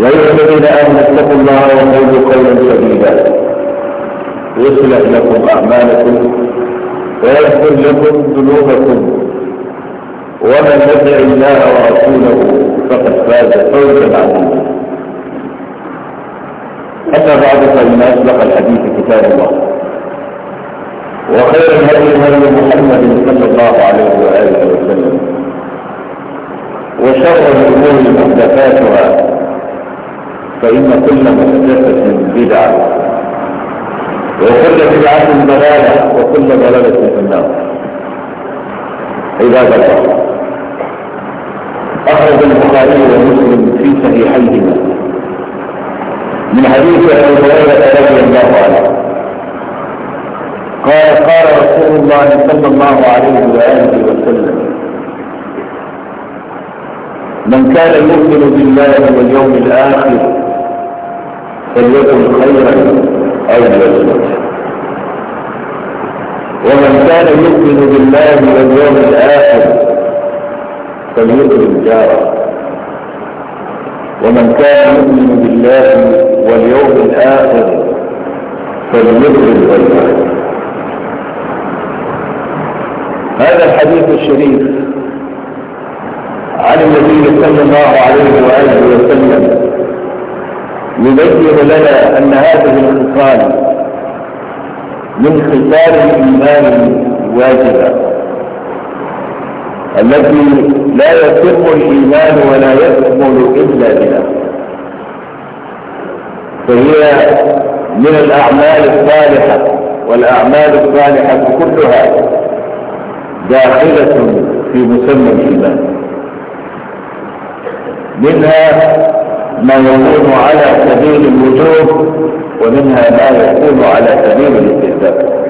يا ايها الذين امنوا اتقوا الله وقولوا قولا سديدا يصلح لكم اعمالكم ويغفر لكم ذنوبكم ومن يطع الله ورسوله فقد فاز فوزا عظيما اما بعد فان اصدق الحديث كتاب الله وخير الهدي هدي محمد صلى الله عليه واله وسلم وشر الامور محدثاتها فإن كل محدثة بدعة وكل بدعة ضلالة وكل ضلالة في النار عباد الله أخرج البخاري ومسلم في صحيحيهما من حديث أبي هريرة رضي الله عنه قال قال رسول الله صلى الله عليه وآله وسلم من كان يؤمن بالله واليوم الآخر فليكن خيرا أو ليصمت ومن كان يؤمن بالله واليوم الآخر فليكرم جاره ومن كان يؤمن بالله واليوم الآخر فليكرم والده هذا الحديث الشريف عن النبي صلى الله عليه وآله وسلم يبين لنا أن هذه الخصال من خصال الإيمان الواجبة التي لا يتم الإيمان ولا يكمل إلا بها فهي من الأعمال الصالحة والأعمال الصالحة كلها داخلة في مسمى الإيمان منها ما يكون على سبيل الوجوب ومنها ما يكون على سبيل الاستهزاء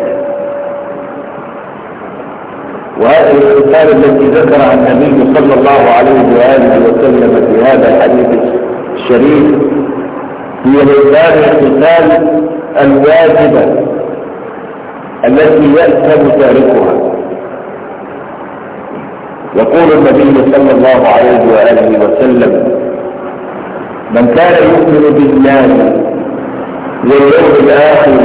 وهذه الرسالة التي ذكرها النبي صلى الله عليه واله وسلم في هذا الحديث الشريف هي الامثال الرسالة الواجبه التي يأثم تاركها يقول النبي صلى الله عليه واله وسلم من كان يؤمن بالله واليوم الآخر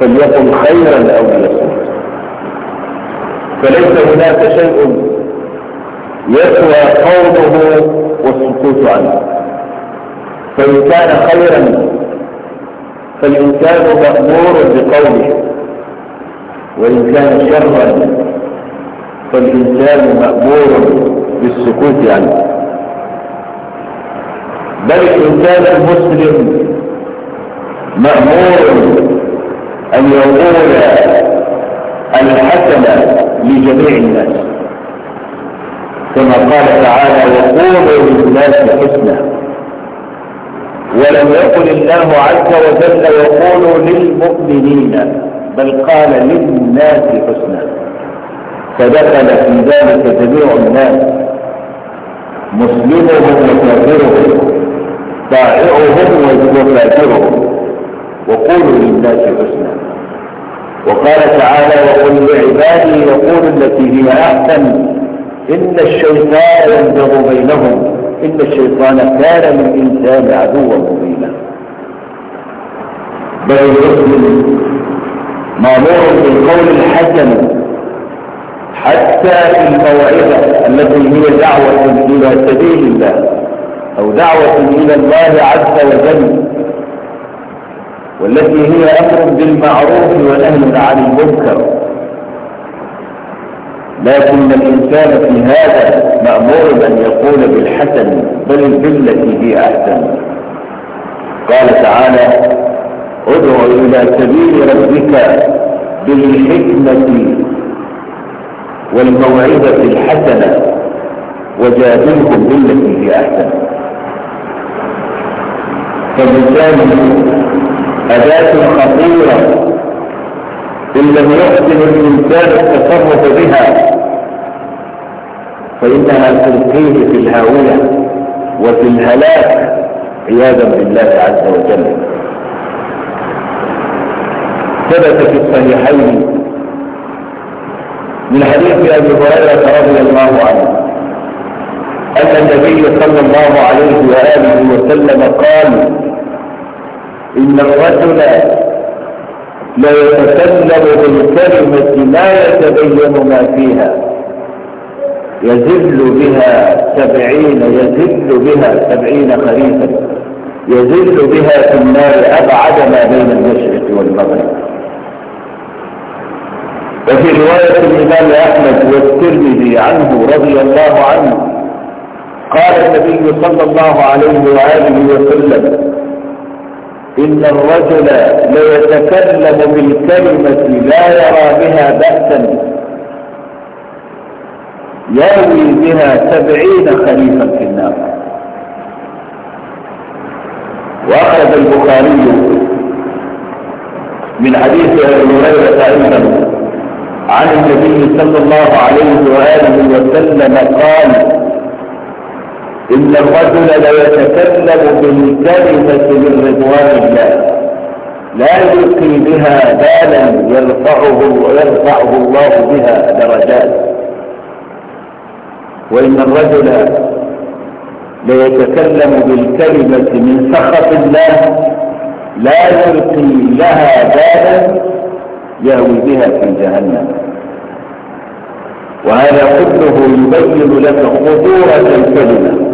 فليقل خيرا أو ليصمت فليس هناك شيء يسوى قوله والسكوت عنه فإن كان خيرا فالإنسان مأمور بقوله وإن كان شرا فالإنسان مأمور بالسكوت عنه بل الإنسان المسلم مأمور أن يقول الحسنة لجميع الناس كما قال تعالى وقولوا للناس حسنة ولم يقل الله عز وجل يقول للمؤمنين بل قال للناس حسنا فدخل في ذلك جميع الناس مسلمهم وكافرهم طائعهم وكافرهم وقولوا للناس حسنا وقال تعالى وقل لعبادي يقول التي هي احسن ان الشيطان ينزغ بينهم ان الشيطان كان للانسان عدوا مبينا بل الحسن مامور بالقول الحسن حتى في الموعظه التي هي دعوه الى سبيل الله أو دعوة إلى الله عز وجل والتي هي أمر بالمعروف ونهي عن المنكر لكن الإنسان في هذا مأمور أن يقول بالحسن بل بالتي هي أحسن قال تعالى ادع إلى سبيل ربك بالحكمة والموعظة الحسنة وجادلهم بالتي هي أحسن فبالتالي أداة خطيرة إن لم يحسن الإنسان التصرف بها فإنها تلقيه في الهاوية وفي الهلاك عياذا بالله عز وجل ثبت في الصحيحين من حديث أبي هريرة رضي الله عنه أن النبي صلى الله عليه وآله وسلم قال إن الرجل لا يتكلم بالكلمة لا يتبين ما فيها يزل بها سبعين يزل بها سبعين خريفا يزل بها في النار أبعد ما بين المشرق والمغرب وفي رواية الإمام أحمد والترمذي عنه رضي الله عنه قال النبي صلى الله عليه وآله وسلم إن الرجل ليتكلم بالكلمة لا يرى بها بأسا يروي بها سبعين خليفا في النار وأخرج البخاري من حديث أبي هريرة أيضا عن النبي صلى الله عليه وآله وسلم قال إن الرجل ليتكلم بالكلمة من رضوان الله لا يلقي بها بالا يرفعه ويرفعه الله بها درجات وإن الرجل ليتكلم بالكلمة من سخط الله لا يلقي لها بالا يهوي بها في جهنم وهذا كله يبين لك خطورة الكلمة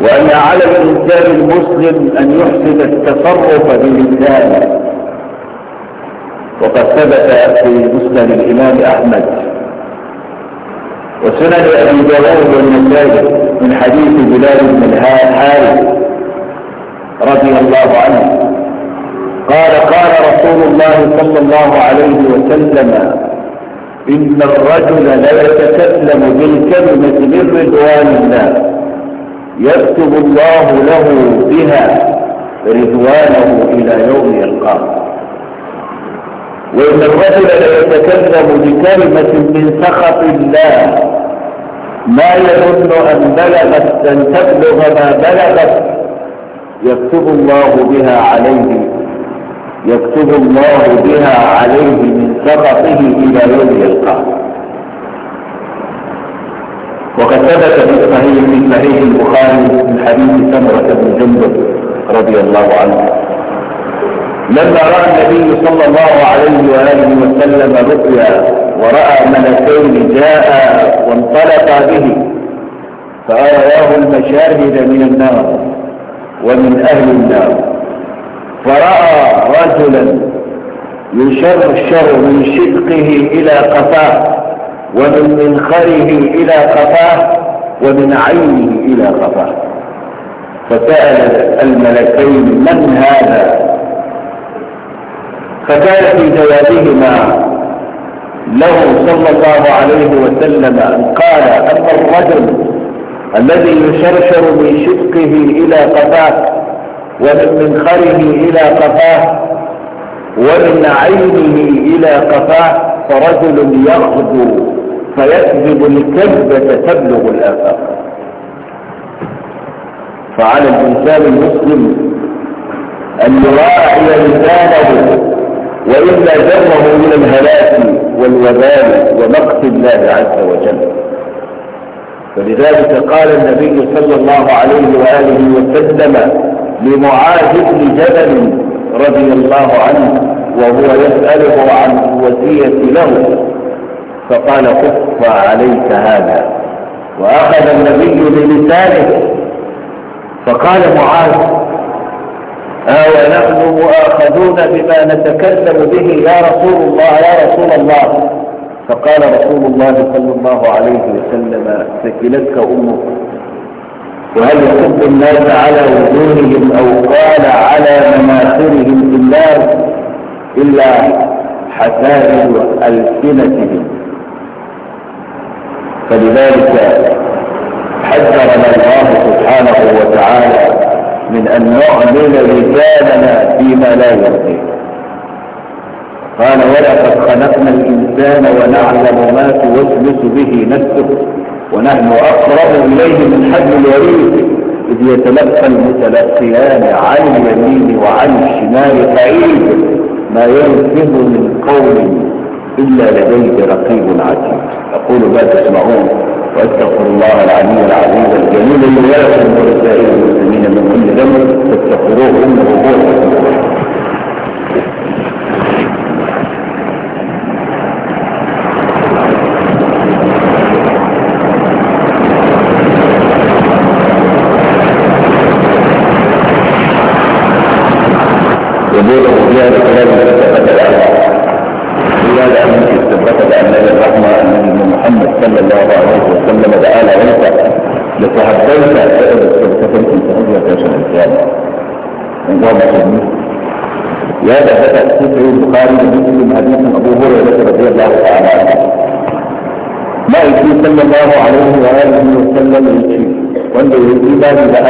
وأن على الإنسان المسلم أن يحسن التصرف بلسانه وقد ثبت في مسند الإمام أحمد وسنن أبي داود والنسائي من حديث بلال بن الحارث رضي الله عنه قال قال رسول الله صلى الله عليه وسلم إن الرجل لا يتكلم بالكلمة من رضوان الله يكتب الله له بها رضوانه إلى يوم يلقاه وإن الرجل ليتكلم بكلمة من سخط الله ما يظن أن بلغت أن تبلغ ما بلغت يكتب الله بها عليه يكتب الله بها عليه من سخطه إلى يوم القيامة وقد ثبت في صحيح في صحيح البخاري من حديث سمرة بن جندب رضي الله عنه لما رأى النبي صلى الله عليه وآله وسلم رؤيا ورأى ملكين جاء وانطلقا به فأرياه المشاهد من النار ومن أهل النار فرأى رجلا يشرشر من شقه إلى قفاه ومن منخره إلى قفاه ومن عينه إلى قفاه فسأل الملكين من هذا فكان في جوابهما له صلى الله عليه وسلم أن قال أما الرجل الذي يشرشر من شقه إلى قفاه ومن منخره إلى قفاه ومن عينه إلى قفاه فرجل يغدو فيكذب الكذبة تبلغ الآفاق فعلى الإنسان المسلم أن يراعي لسانه وإلا جره من الهلاك والوبال ومقت الله عز وجل فلذلك قال النبي صلى الله عليه وآله وسلم لمعاذ بن جبل رضي الله عنه وهو يسأله عن وسية له فقال كف عليك هذا وأخذ النبي بلسانه فقال معاذ ها آه، نحن مؤاخذون بما نتكلم به يا رسول الله يا رسول الله فقال رسول الله صلى الله عليه وسلم ثكلتك أمك وهل يحب الناس على وجوههم أو قال على مماثلهم في النار إلا حسائل ألسنتهم فلذلك حذرنا الله سبحانه وتعالى من أن نعمل رجالنا فيما لا يرضيه قال ولقد خلقنا الإنسان ونعلم ما توسوس به نفسه ونحن أقرب إليه من حبل الوريد إذ يتلقى المتلقيان عن اليمين وعن الشمال بعيد ما يلزم من قول إلا لديك رقيب عتيد أقول ما تسمعون واتقوا الله العلي العظيم الجليل الذي لا برسائل المسلمين من كل ذنب فاستغفروه إنه هو الغفور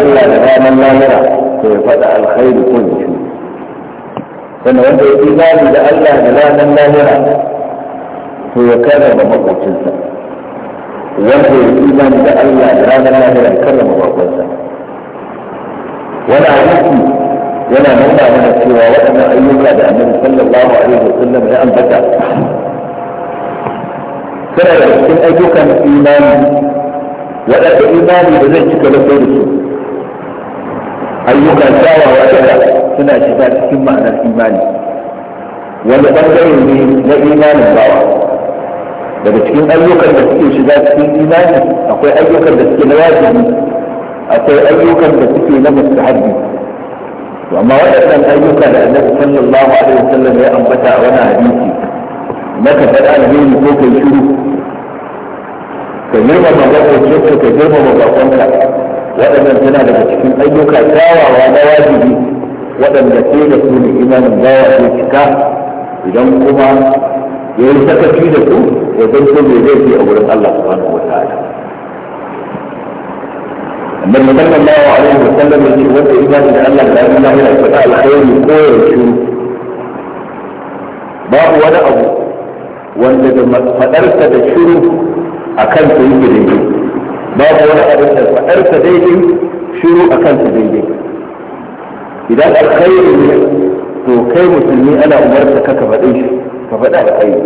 الا لها من لا يرى كيف دعا الخير كل شيء فانا وجه الايمان اذا الا لها من لا يرى هو كان بمرض الجنه وجه الايمان اذا الا لها من لا يرى كان بمرض الجنه ولا يكفي ولا موضع من السوى وانا ايوك بان صلى الله عليه وسلم لان لانفك فلا يكفي ايوك من ايمان ولا كايمان اذا جئت لخير السوء ayyukan tsawa wa wadanda suna shiga cikin ma'anar imani wanda ɓangare ne na imanin bawa daga cikin ayyukan da suke shiga cikin imani akwai ayyukan da suke na wajibi akwai ayyukan da suke na mustahabbi to amma waɗannan ayyuka da annabi sallallahu alaihi wasallam ya ambata a wani hadisi maka ka faɗa alheri ko kai shiru ka girmama bakoncinka ka girmama bakonka waɗannan suna daga cikin ayyuka kyawawa na wajibi waɗanda sai da su ne imanin bawa zai cika idan kuma ya yi sakaci da su ya zanto mai laifi a wurin Allah subhanahu wa ta'ala annabi sallallahu alaihi wa sallam ya ce wanda imani da Allah da Allah yana faɗa alkhairi ko yaushe babu wani abu wanda da faɗarsa da shiru a kan su yake babu wani abin da faɗarsa daidai shiru a kansa daidai idan alkhairi ne to kai musulmi ana umarta ka ka faɗi shi ka faɗi alkhairi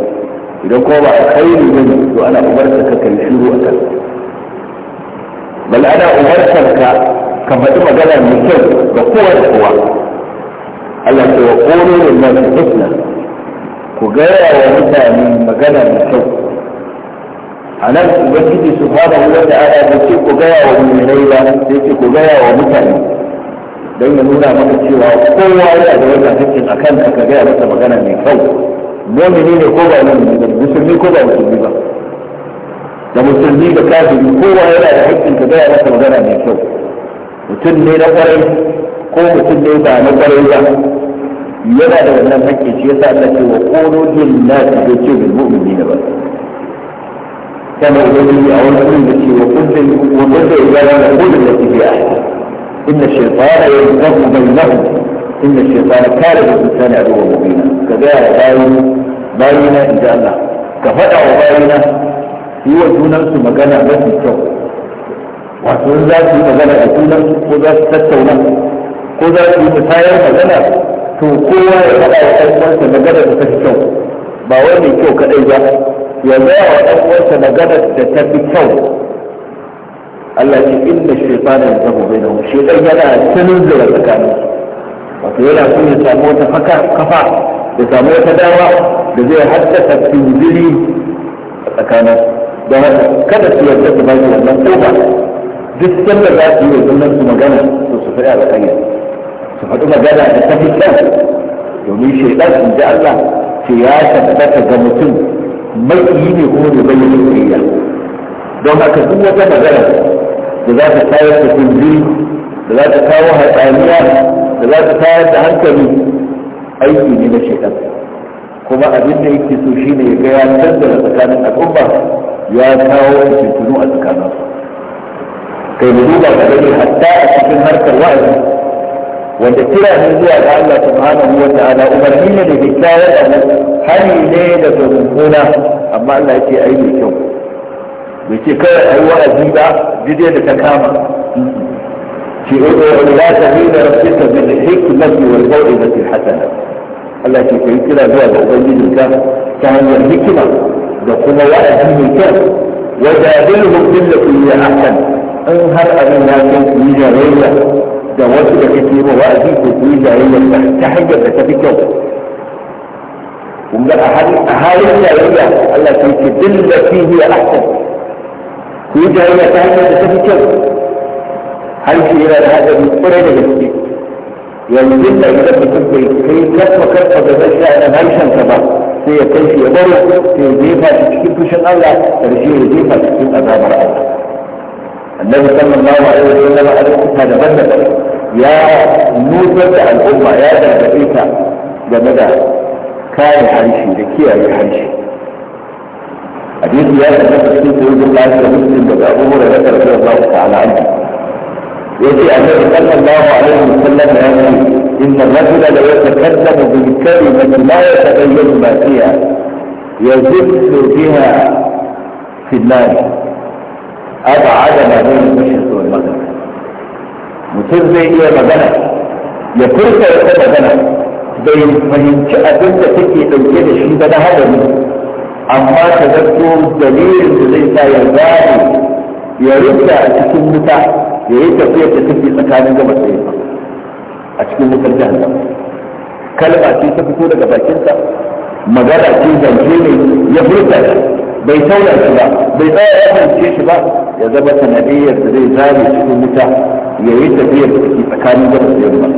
idan kuma ba alkhairi ne to ana umarta ka ka yi shiru a kansa bal ana umartar ka ka faɗi magana mai kyau ga kowa da kowa Allah ce wa ƙoro ne na ku gaya wa mutane magana mai kyau a nan ubangiji su fara wata ta'ala da ce ku gaya wa mulmai ba sai ce ku gaya wa mutane don ya nuna maka cewa kowa yana da wata hakkin a kan ka gaya masa magana mai kyau mumini ne ko ba mumini ba musulmi ko ba musulmi ba da musulmi da kafiri kowa yana da hakkin ka gaya masa magana mai kyau mutum ne na kwarai ko mutum ne ba na kwarai ba yana da wannan hakkin shi yasa Allah ce wa qulu lin nasi yace bil mu'minina ba كما يقول لي اول كلمتي وقلت وقدم الى الامور التي في احد ان الشيطان يرتب بينهم ان الشيطان كارب الانسان عدوا مبينا كذا باين باين عند الله كفتى وباينا يوجه نفسه مكان بس الشوق وصول ذاته مكان يكون نفسه قدر تتو نفسه قدر يتساير مكانه تو قوة يتبع وقدر مكانه تتو نفسه ba wai mai kyau kadai ba ya gaya wa ɗan uwansa maganar da ta fi kyau Allah ce inda shaytan ya zama bai da shi dan yana sanin da tsakanin wato yana so ya samu wata faka kafa da samu wata dawa da zai haddasa tunjiri a tsakanin don haka kada su yarda su ba shi wannan ba duk sanda za su yi wa junan su magana to su faɗi a tsakanin su faɗi magana da ta fi kyau domin shaytan in ji Allah to ya tabbata ga mutum mai yi ne kuma da bayyana soyayya don haka duk wata magana da za ta tayar da kunjiri da za ta kawo hatsaniya da za ta tayar da hankali aiki ne na shekar kuma abin da yake so shine ya ga ya canza tsakanin al'umma ya kawo tuntunu a tsakaninsu kai mu duba ka gani hatta a cikin harkar wa'azi wanda kira ne zuwa ga Allah subhanahu wa ta'ala umarni ne da kyakkyawar abu hani ne da mummuna amma Allah ya ce ayi mai kyau bai ce kawai ayi wa'azi ba jide da ta kama في لا تهين ربك بالحكمة والموعظة الحسنة Allah ke kai kira zuwa ga Ubangijinka ta hanyar hikima da kuma wa'azi mai kyau wa jadilhum billati hiya ahsan in har abin ya kai yi jarayya da wasu da kake ba wa'azi ko ku yi jayayya ta hanyar da ta fi kyau kun ga a halin jayayya Allah sai ce dilla fihi ahsan ku yi jayayya ta hanyar da ta fi kyau harshe yana da hadari kwarai da gaske yanzu da idan mutum bai kai kafa kafa da zai sha nan harshen ka ba sai ya kai shi ya baro sai ya jefa shi cikin fushin Allah karshe ya jefa cikin azabar Allah annabi sallallahu alaihi wasallam a lokacin da daban-daban يا موسى الامه يا دربيتا جمدا كاي حريشي لكياي حريشي حديث يا نفسي تقول الله عز وجل بدا ابو هريره رضي الله تعالى عنه يأتي أن صلى الله عليه وسلم يقول إن الرجل لا يتكلم بالكلمة لا يتغير ما فيها يزف بها في النار أبعد ما بين المشرق والمغرب mutum zai iya magana ya furta ta magana bai fahimci abin da take ɗauke da shi ba na hadari amma ta zato dalilin da zai sa ya gane ya rufe a cikin wuta ya yi tafiya ta tafi tsakanin gaba tsaye a cikin wutar jihar kalma ce ta fito daga bakinsa magana ce zance ne ya furta shi bai taura shi ba bai tsaya ya fahimce shi ba ya zama sanadiyar da zai zare cikin wuta ya yi tafiyar da ke tsakanin gabas da yamma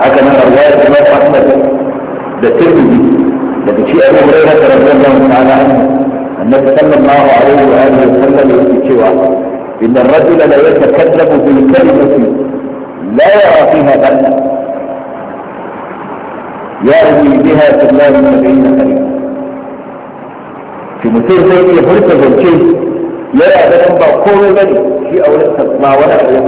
haka nan arwaya da mai ahmad da tirmidhi daga ci abu hurairah da radiyallahu ta'ala anhu annabi sallallahu alaihi wa alihi wa sallam yake cewa inna ar-rajula la yatakallamu bil kalimati la yara fiha ba'sa يأتي بها في الله سبعين خليفة to mutum zai iya furta zance yana ganin ba komai ba ne shi a wurin ma wani abu ya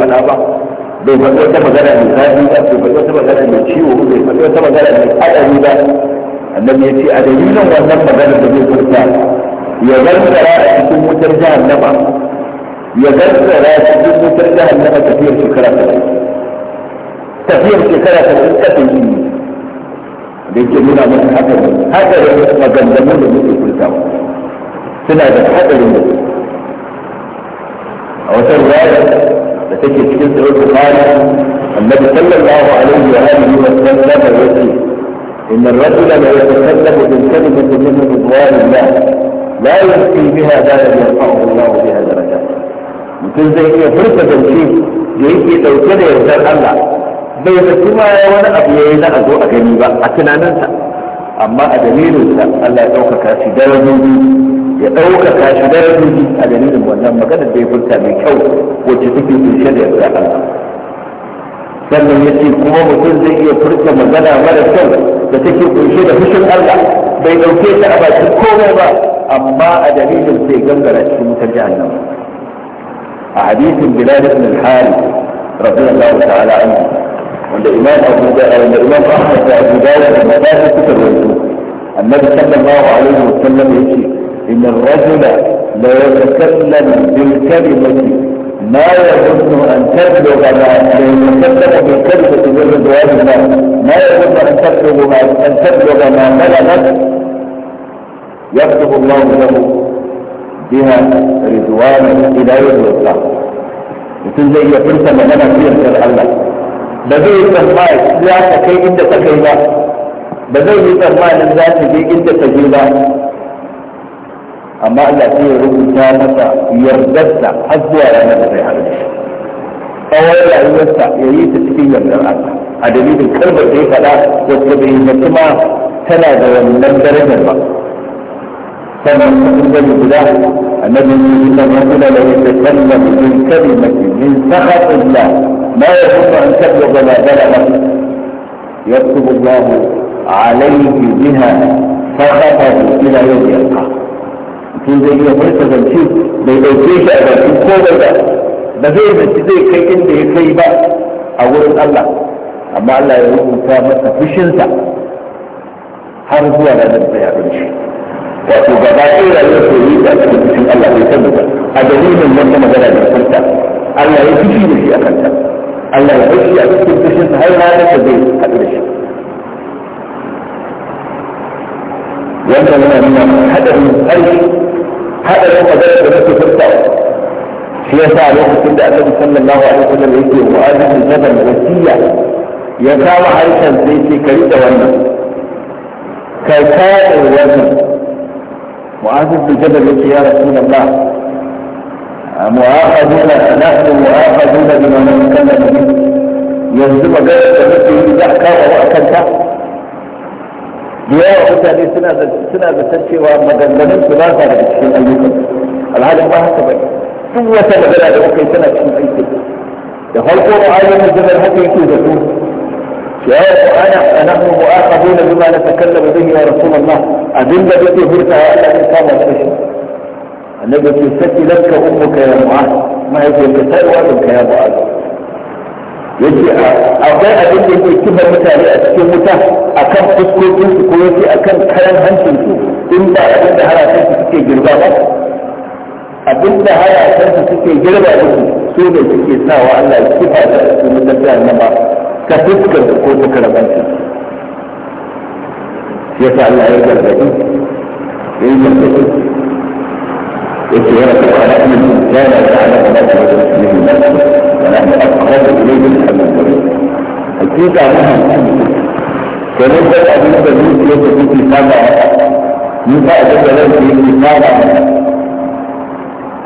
faɗa ba bai faɗi wata magana mai zafi ba bai faɗi wata magana mai ciwo bai faɗi wata magana mai haɗari ba annabi ya ce a dalilin wannan magana da zai furta ya gangara a cikin wutar jahannama ya gangara a cikin wutar jahannama tafiyar shekara talatin tafiyar shekara talatin kasan yi da yake nuna mana haka ne haka ne maganganun da muke furtawa suna حتى hadarin da a لتجد في da take cikin tsarki kwana annabi sallallahu alaihi wa alihi ان الرجل لا يتكلم بالكلمه من رضوان الله لا يكفي بها ذلك يرفعه الله بها درجات. ممكن زي كده فرصه تمشي يجي دوكه ده يرضى الله بين السماء وانا ابي لا ازو اغني با اتنانسا اما ادليل الله يوفقك في درجه ya ɗaukaka shi da rubuci a dalilin wannan magana da ya furta mai kyau wacce take kunshe da yarda Allah sannan ya ce kuma mutum zai iya furta magana mara kyau da take kunshe da fushin Allah bai ɗauke ta a bakin komai ba amma a dalilin sai gangara cikin wutar jahannama a hadisin bilal ibn al-harith radiyallahu ta'ala anhu wanda imam abu da wanda imam ahmad da abu dawud da madahi suka rawaito annabi sallallahu alaihi wasallam yace إن الرجل لا يتكلم بالكلمة ما يظن أن تبلغ ما يتكلم بالكلمة من رضوان الله ما يظن أن تبلغ ما أن تبلغ ما بلغت يكتب الله له بها رضوانا إلى يوم القيامة مثل زي قلت furta أنا biyar da Allah ba zai لا tsammanin za ta kai inda ta kai ba ba zai amma Allah sai ya rubuta masa yardarsa har zuwa ranar da zai haɗu da shi tsawon rayuwarsa ya yi ta cikin yardar Allah a dalilin kalmar da ya faɗa wacce bai himmatu ma tana da wannan darajar ba sannan cikin gani guda annabi Musa ya kula da yadda sallam min kalimati min sakhatillah ma yahuddu an tabluga ma balagha yaktubu Allah عليه بها فخطه إلى يوم يلقاه ko zai iya furta zance bai ɗauke shi a bakin komai ba ba zai zance zai kai inda ya kai ba a wurin Allah amma Allah ya rubuta masa fushinsa har zuwa ranar da ya shi wato gaba ɗaya rayuwar ta yi da cikin fushin Allah bai san ba a dalilin wata magana da furta Allah ya fushi da shi a kanta Allah ya fushi a cikin fushinsa har ranar da zai haɗu da shi wanda yana nuna haɗarin harshe هذا هو مدرسه نفسه في الصلاه ينفع الوقت ان النبي صلى الله عليه وسلم يجي مؤذن الندم وسيله ينفع عائشه زي في كريده ولا كسائر وزن معاذ بن جبل يا رسول الله مؤاخذون نحن مؤاخذون بما نتكلم به يهزم جبل فتحته بدحكه واكلته da yawa mutane suna zaton cewa maganganun su ba sa daga cikin ayyukan alhalin ba haka ba duk wata magana da muka yi tana cikin aiki da farko mu'ayyar mujallar haka yake da su ya yi ana anahnu mu'aqabuna bima natakallama bihi ya rasulullah abinda kake furtawa Allah ya kama shi shi annabi ke saki lanka ummuka ya mu'az mahaifiyarka ta yi wa ya mu'az yace akwai abin da ke kifa mutane a cikin wuta a kan su ko a kan kayan hancin in ba abin da harafin su suke girba ba abin da harafin su suke girba da su su ne suke sawa Allah ya kifa da su mutane na ba ta fuskar da ko ta karabancin yasa Allah ya gargaɗi ya yi gargaɗi yake yana kafa na iya yana da alaƙa da su ونحن أقرب إليه من أبي بكر أكيد عنها كانت بدأ بالنسبة لي في الكتابة نفع بدأ في الكتابة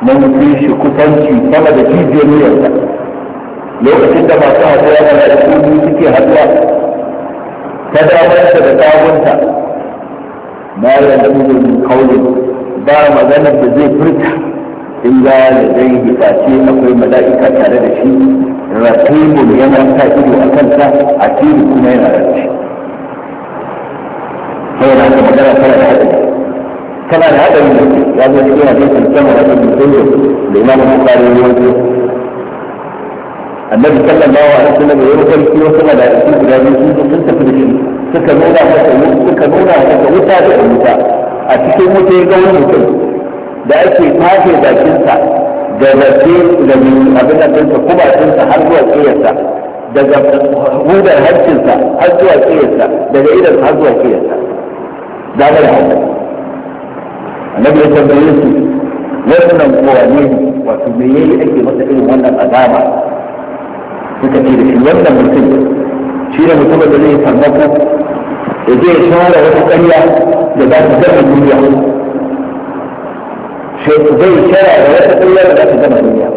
من فيش كتنشي كما ده في جميع lokacin da masu haɗuwa da mala'iku suke haɗuwa ta damarta da kawunta ma yanzu min kaulin ba maganar da zai furta ya da zai yi face akwai mala'ika tare da shi rakibun yana sa ido a kansa a tiri kuma yana da shi sai na ta magana tana da haɗari tana da haɗari ne ya zo cikin hadisin sama da haɗari da zai da imam bukari ne wani annabi sallallahu alaihi wasallam ya yi rubuta wasu mala'iku guda biyu sun tafi da shi suka nuna masa suka nuna masa wuta da wuta a cikin wuta ya ga wani mutum da ake tafe bakinsa da zafi da abin da ɗinsa kubatinsa har zuwa ƙiyarsa daga hudar hancinsa har zuwa ƙiyarsa daga idan har zuwa ƙiyarsa da ga da haka annabi ya tambaye su wannan kowane wato me yayi ake masa irin wannan azaba suka ce da shi wannan mutum shi ne mutumin da zai farmako ya je ya shawara wata ƙarya da za ta zama duniya zai kira da wata kullum da ta zama duniya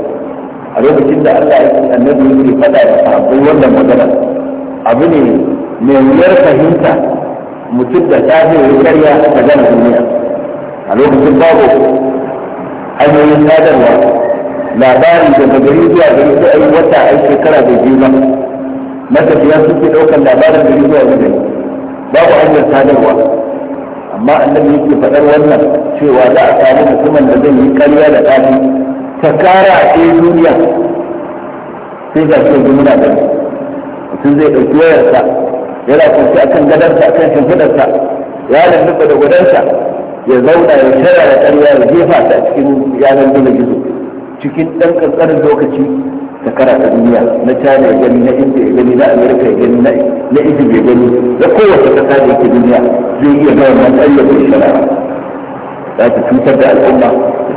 a lokacin da Allah ya ce annabi yake faɗa da sahabbai wannan magana abu ne mai wuyar fahimta mutum da tafi ya karya ta gama duniya a lokacin babu hanyoyin sadarwa labari daga gari zuwa gari sai ai wata ai shekara da biyu ba matafiya suke ɗaukar labarin gari zuwa gari babu hanyar sadarwa amma annabi yake faɗar wannan cewa za a samu mutumin da zai yi karya da ɗani ta kara a ɗaya duniya sai ga shi muna da mutum zai ɗauki wayarsa yana kwanci akan gadarsa akan shimfiɗarsa ya lalluɓa da gudansa ya zauna ya shara da ƙarya ya jefa ta cikin yanar gizo gizo cikin ɗan ƙanƙanin lokaci shekara ta duniya na china ya gani na india ya gani na america ya gani na egypt ya gani da kowace kasa da yake duniya zai iya gawa na tsayyar shari'a za ta cutar da al'umma ta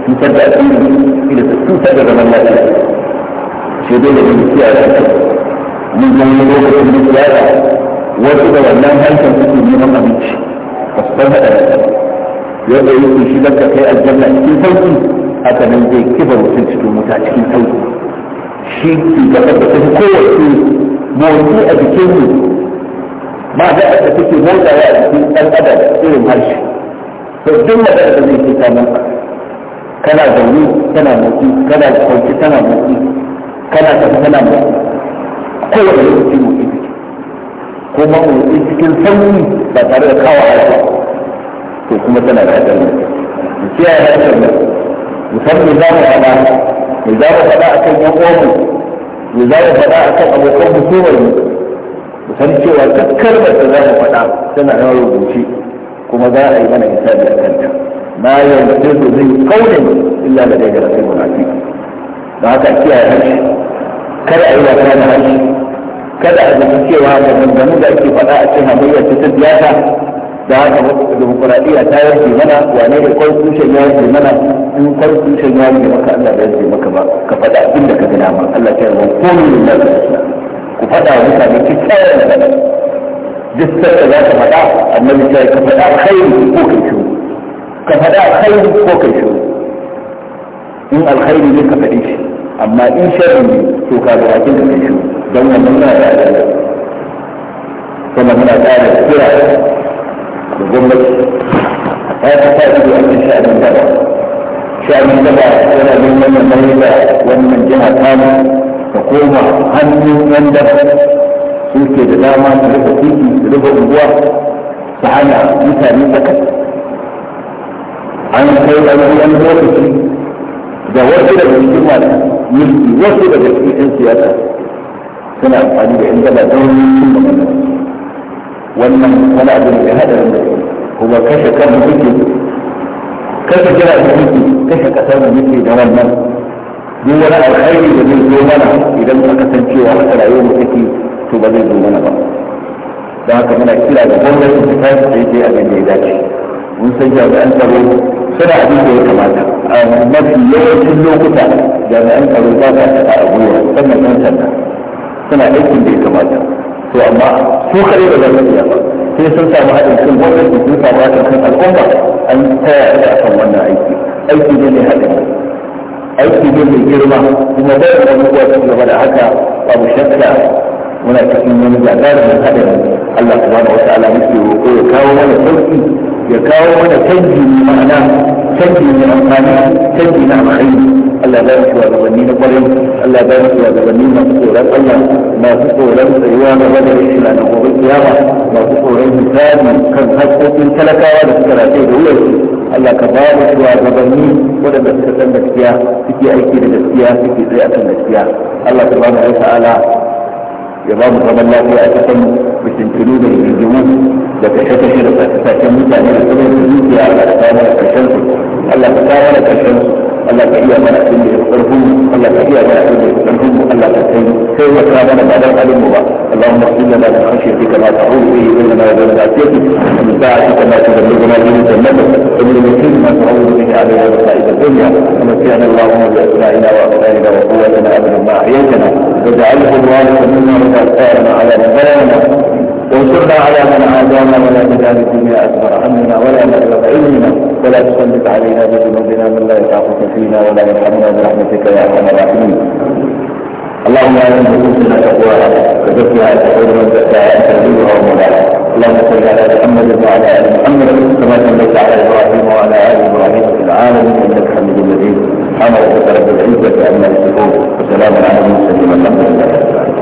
cutar da al'umma ila ta cutar da zaman lafiya shi dole ne mu kiyaye ta mun ga wani lokacin da siyasa wasu da wannan harshen suke neman abinci ba su san haɗa da yadda yake shi zaka kai aljanna cikin sauki haka nan zai kifa mutum cikin wuta cikin sauki shi gaban da ta kowace motsi a jikin mu ma da aka take motsawa a jikin ɗan adam irin harshe to duk magana da zai fita maka kana zaune kana motsi kana kwanci kana motsi kana tafi kana motsi kowane lokaci motsi kuma motsi cikin sauki ba tare da kawo haifa to kuma tana da hadari mu kiyaye hadari musamman za mu hada me za mu faɗa akan yan uwanmu me za mu faɗa akan abokan hukumar mu mu san cewa duk kalmar da za mu faɗa tana nan rubuce kuma za a yi mana misali a kanta na yanzu da zai kaunin illa da dai ga rasul munafi ba haka kiyaye harshe kada a yi wasa da harshe kada a zama cewa da dangane da ake faɗa a cikin hamayyar ta siyasa da haka demokuraɗiyya ta yanke mana wane da kwan tushen ya yanke mana in farkon shan ya yi maka Allah ya yi maka ba ka faɗa abin da ka ga dama Allah ya yi ko ne da Allah ku faɗa wa mutane kikkiawar da duk sarka za ka faɗa annabi ta ka faɗa khairi ko kai shiru ka faɗa khairi ko kai shiru in alkhairi ne ka faɗi shi amma in sharri ne to ka ga bakin ka kai shiru don wannan na da Allah kuma muna ƙara kira da gwamnati ya ta sa ido a cikin sha'anin gaba كان لها سبب لنا طيبه ومن جهه ثانيه تقوم هل من يندب في كده لا ما تعرف فيك تلف الجوار تعالى متى نفك عن الخير الذي انا وقفت اذا وصل الاجتماع ملكي وصل بتحقيق السياسه سنة قليلة عندما دوني ثم ومن صلاة بهذا هو كشكا كم kashe kira da muke kashe kasar da muke da wannan duk wani alkhairi da zai zo mana idan aka san cewa haka rayuwar mu take to ba zai zo mana ba da haka muna kira da gwamnati ta tashi sai dai abin da ya dace mun san jami'an tsaro suna abin da ya kamata a mafi yawancin lokuta jami'an tsaro ba sa ta a gwiwa sannan kan sanda suna aikin da ya kamata to amma su kare da za su iya ba sai sun samu haɗin kan gwamnati sun samu haɗin kan al'umma an taya su a kan wannan aiki aiki ne mai haɗin aiki ne mai girma kuma ba da abubuwa su gaba da haka babu shakka muna cikin wani gagarumin haɗin Allah subhanahu wa ta'ala muke roƙo ya kawo mana sauki يكاو من تجي من معنى تجي من أمان تجي من خير الله بارك وعلى بنينا قريم الله بارك وعلى بنينا قصورا الله ما تقول لهم سيوانا ودر إشلانا وبالقيامة ما تقول لهم سادي كم هكذا من تلك وعلى سكراتي دولي الله كبارك وعلى بنينا ولا بسكتا نكتيا فتي أيكي نكتيا فتي ضيئة نكتيا الله سبحانه وتعالى يبام فمن لا في أكثر بسنتلون الجمود لكي شكشي لكي شكشي لكي شكشي كما تعود به انما يبلغ عافيتك ومن طاعتك ما تبلغنا به جنتك ومن اليقين ما تعود به علينا مصائب الدنيا ومتعنا اللهم باسمائنا وابنائنا وقوتنا ابدا ما احييتنا واجعله الوارث منا وتاثارنا على نبانا وانصرنا على من عادانا ولا تجعل الدنيا اكبر همنا ولا مبلغ علمنا ولا تسلط علينا بذنوبنا من لا يخافك فينا ولا يرحمنا برحمتك يا ارحم الراحمين اللهم لا تنسى تقواها وزكها تقول من زكاها تزكيها ومولاها اللهم صل على محمد وعلى ال محمد كما صليت على ابراهيم وعلى ال ابراهيم في العالمين انك حميد مجيد سبحان ربك رب العزه عما يصفون وسلام على المرسلين والحمد لله